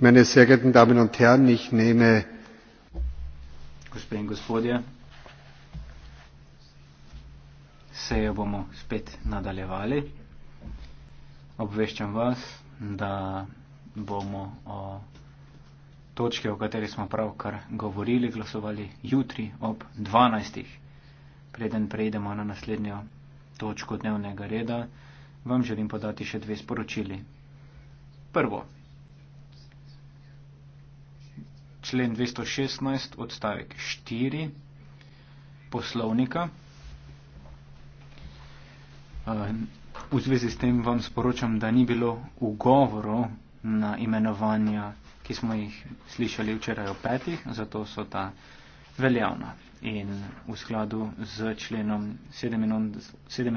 meine sehr geehrten damen und herren ich nehme gospe in gospodje sejo bomo spet nadaljevali obveščam vas da bomo o točki o kateri smo pravkar govorili glasovali jutri ob dvanajstih preden preidemo na naslednjo točko dnevnega reda vam želim podati še dve sporočili prvo člen 216 odstavek 4 poslovnika. Eh, v zvezi s tem vam sporočam, da ni bilo ugovoru na imenovanja, ki smo jih slišali včeraj o petih, zato so ta veljavna in v skladu z členom 17.